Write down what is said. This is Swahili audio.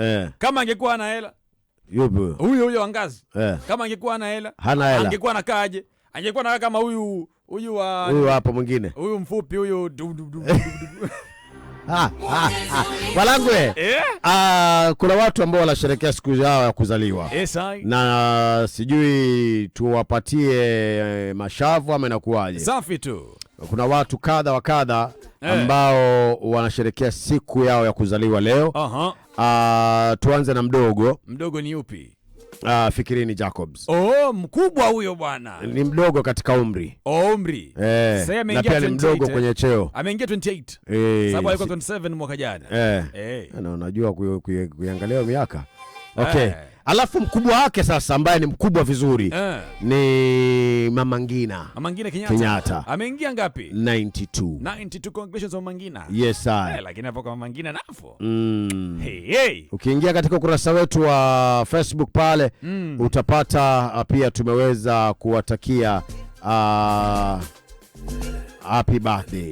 Eh. Kama angekuwa ana hela yupi huyo huyo angazi eh? Kama angekuwa ana hela hana hela angekuwa anakaaje? Angekuwa na kama huyu huyu wa huyu hapo mwingine huyu mfupi huyu Ha, ha, ha. Walangwe yeah. Eh? Uh, kuna watu ambao wanasherehekea siku yao ya kuzaliwa yes, eh, na sijui tuwapatie mashavu ama inakuwaje? Safi tu. Kuna watu kadha wa kadha hey, eh. ambao wanasherekea siku yao ya kuzaliwa leo. -huh. Ah, uh, tuanze na mdogo. Mdogo ni yupi? Uh, ah, Fikirini Jacobs. Oh, mkubwa huyo bwana. Ni mdogo katika umri. Oh, umri. Eh, na pia ni mdogo eh. kwenye cheo. Ameingia 28. Eh, sababu alikuwa 27 mwaka jana. Eh. Eh. Na unajua kuiangalia miaka Okay. Eh. Alafu mkubwa wake sasa ambaye ni mkubwa vizuri eh, ni Mama Ngina. Mama Ngina Kenyatta. Kenyatta. Ameingia ngapi? 92. 92, congratulations Mama Ngina. Yes sir. Eh, lakini hapo kwa Mama Ngina nafo. Mm. Hey, hey. Ukiingia katika ukurasa wetu wa Facebook pale mm, utapata ah, pia tumeweza kuwatakia uh, happy birthday.